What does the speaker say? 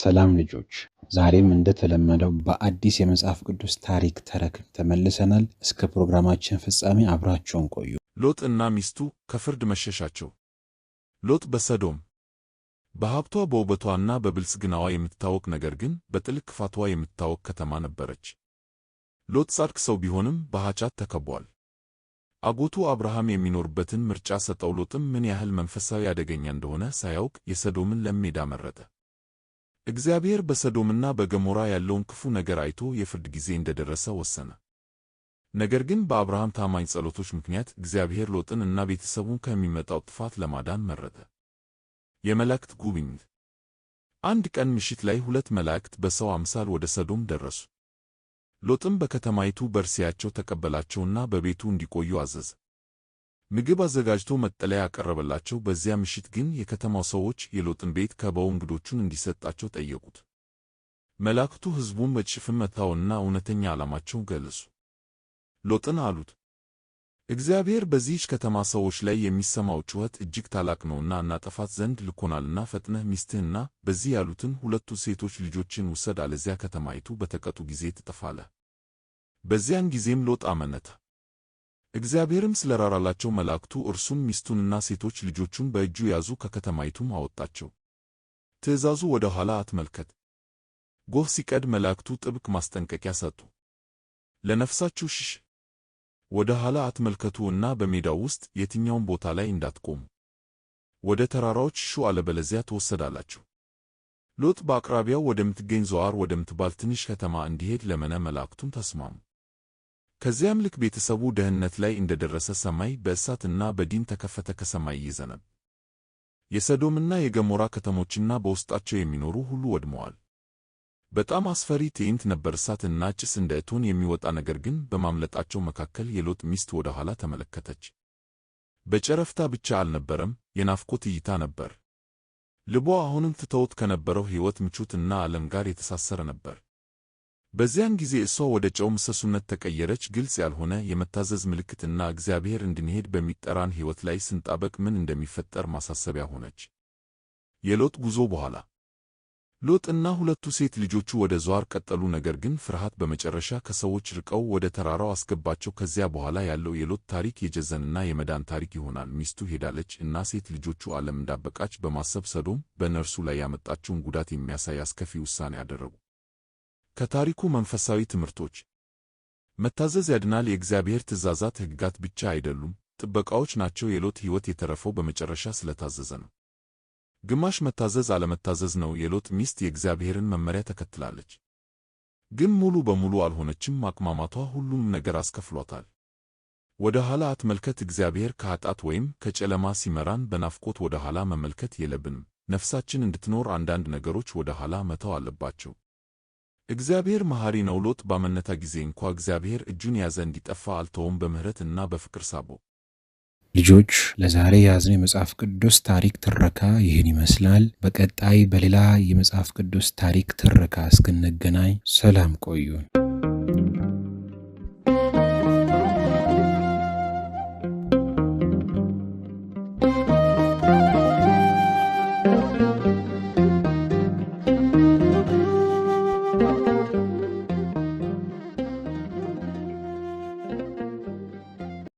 ሰላም ልጆች፣ ዛሬም እንደተለመደው በአዲስ የመጽሐፍ ቅዱስ ታሪክ ተረክም ተመልሰናል። እስከ ፕሮግራማችን ፍጻሜ አብራቸውን ቆዩ። ሎጥ እና ሚስቱ ከፍርድ መሸሻቸው። ሎጥ በሰዶም በሀብቷ በውበቷና በብልጽግናዋ የምትታወቅ ነገር ግን በጥልቅ ክፋቷ የምትታወቅ ከተማ ነበረች። ሎጥ ጻድቅ ሰው ቢሆንም በኃጢአት ተከቧል። አጎቱ አብርሃም የሚኖርበትን ምርጫ ሰጠው። ሎጥም ምን ያህል መንፈሳዊ አደገኛ እንደሆነ ሳያውቅ የሰዶምን ለም ሜዳ መረጠ። እግዚአብሔር በሰዶምና በገሞራ ያለውን ክፉ ነገር አይቶ የፍርድ ጊዜ እንደደረሰ ወሰነ። ነገር ግን በአብርሃም ታማኝ ጸሎቶች ምክንያት እግዚአብሔር ሎጥን እና ቤተሰቡን ከሚመጣው ጥፋት ለማዳን መረጠ። የመላእክት ጉብኝት። አንድ ቀን ምሽት ላይ ሁለት መላእክት በሰው አምሳል ወደ ሰዶም ደረሱ። ሎጥም በከተማይቱ በርሲያቸው ተቀበላቸውና በቤቱ እንዲቆዩ አዘዘ። ምግብ አዘጋጅቶ መጠለያ ያቀረበላቸው። በዚያ ምሽት ግን የከተማው ሰዎች የሎጥን ቤት ከበው እንግዶቹን እንዲሰጣቸው ጠየቁት። መላእክቱ ሕዝቡን በጭፍን መታውና እውነተኛ ዓላማቸውን ገለጹ። ሎጥን አሉት፣ እግዚአብሔር በዚህች ከተማ ሰዎች ላይ የሚሰማው ጩኸት እጅግ ታላቅ ነውና እናጠፋት ዘንድ ልኮናልና ፈጥነህ ሚስትህና በዚህ ያሉትን ሁለቱ ሴቶች ልጆችን ውሰድ፣ አለዚያ ከተማይቱ በተቀጡ ጊዜ ትጠፋለህ። በዚያን ጊዜም ሎጥ አመነታ። እግዚአብሔርም ስለራራላቸው መላእክቱ እርሱም ሚስቱንና ሴቶች ልጆቹን በእጁ ያዙ፣ ከከተማይቱም አወጣቸው። ትእዛዙ ወደ ኋላ አትመልከት። ጎህ ሲቀድ መላእክቱ ጥብቅ ማስጠንቀቂያ ሰጡ። ለነፍሳችሁ ሽሽ፣ ወደ ኋላ አትመልከቱ እና በሜዳው ውስጥ የትኛውን ቦታ ላይ እንዳትቆሙ ወደ ተራራዎች ሽሹ፣ አለበለዚያ ትወሰዳላችሁ። ሎጥ በአቅራቢያው ወደምትገኝ ዘዋር ወደምትባል ትንሽ ከተማ እንዲሄድ ለመነ። መላእክቱም ተስማሙ። ከዚያም ልክ ቤተሰቡ ደህንነት ላይ እንደደረሰ ሰማይ በእሳትና በዲን ተከፈተ። ከሰማይ ይዘነብ የሰዶምና የገሞራ ከተሞችና በውስጣቸው የሚኖሩ ሁሉ ወድመዋል። በጣም አስፈሪ ትዕይንት ነበር። እሳትና ጭስ እንደ እቶን የሚወጣ ነገር ግን በማምለጣቸው መካከል የሎጥ ሚስት ወደ ኋላ ተመለከተች። በጨረፍታ ብቻ አልነበረም፣ የናፍቆት እይታ ነበር። ልቧ አሁንም ትተውት ከነበረው ሕይወት ምቾትና ዓለም ጋር የተሳሰረ ነበር። በዚያን ጊዜ እሷ ወደ ጨው ምሰሱነት ተቀየረች። ግልጽ ያልሆነ የመታዘዝ ምልክትና እግዚአብሔር እንድንሄድ በሚጠራን ሕይወት ላይ ስንጣበቅ ምን እንደሚፈጠር ማሳሰቢያ ሆነች። የሎጥ ጉዞ በኋላ ሎጥና ሁለቱ ሴት ልጆቹ ወደ ዘዋር ቀጠሉ። ነገር ግን ፍርሃት በመጨረሻ ከሰዎች ርቀው ወደ ተራራው አስገባቸው። ከዚያ በኋላ ያለው የሎጥ ታሪክ የጀዘንና የመዳን ታሪክ ይሆናል። ሚስቱ ሄዳለች እና ሴት ልጆቹ ዓለም እንዳበቃች በማሰብ ሰዶም በነርሱ ላይ ያመጣችውን ጉዳት የሚያሳይ አስከፊ ውሳኔ አደረጉ። ከታሪኩ መንፈሳዊ ትምህርቶች መታዘዝ ያድናል። የእግዚአብሔር ትእዛዛት ሕግጋት ብቻ አይደሉም፣ ጥበቃዎች ናቸው። የሎጥ ሕይወት የተረፈው በመጨረሻ ስለታዘዘ ነው። ግማሽ መታዘዝ አለመታዘዝ ነው። የሎጥ ሚስት የእግዚአብሔርን መመሪያ ተከትላለች፣ ግን ሙሉ በሙሉ አልሆነችም። ማቅማማቷ ሁሉም ነገር አስከፍሏታል። ወደ ኋላ አትመልከት። እግዚአብሔር ከኃጢአት ወይም ከጨለማ ሲመራን በናፍቆት ወደ ኋላ መመልከት የለብንም። ነፍሳችን እንድትኖር አንዳንድ ነገሮች ወደ ኋላ መተው አለባቸው። እግዚአብሔር መሐሪ ነው። ሎጥ ባመነታ ጊዜ እንኳ እግዚአብሔር እጁን ያዘ፣ እንዲጠፋ አልተውም። በምሕረት በፍቅር ሳቦ። ልጆች ለዛሬ የያዝነው የመጽሐፍ ቅዱስ ታሪክ ትረካ ይህን ይመስላል። በቀጣይ በሌላ የመጽሐፍ ቅዱስ ታሪክ ትረካ እስክንገናኝ ሰላም ቆዩን።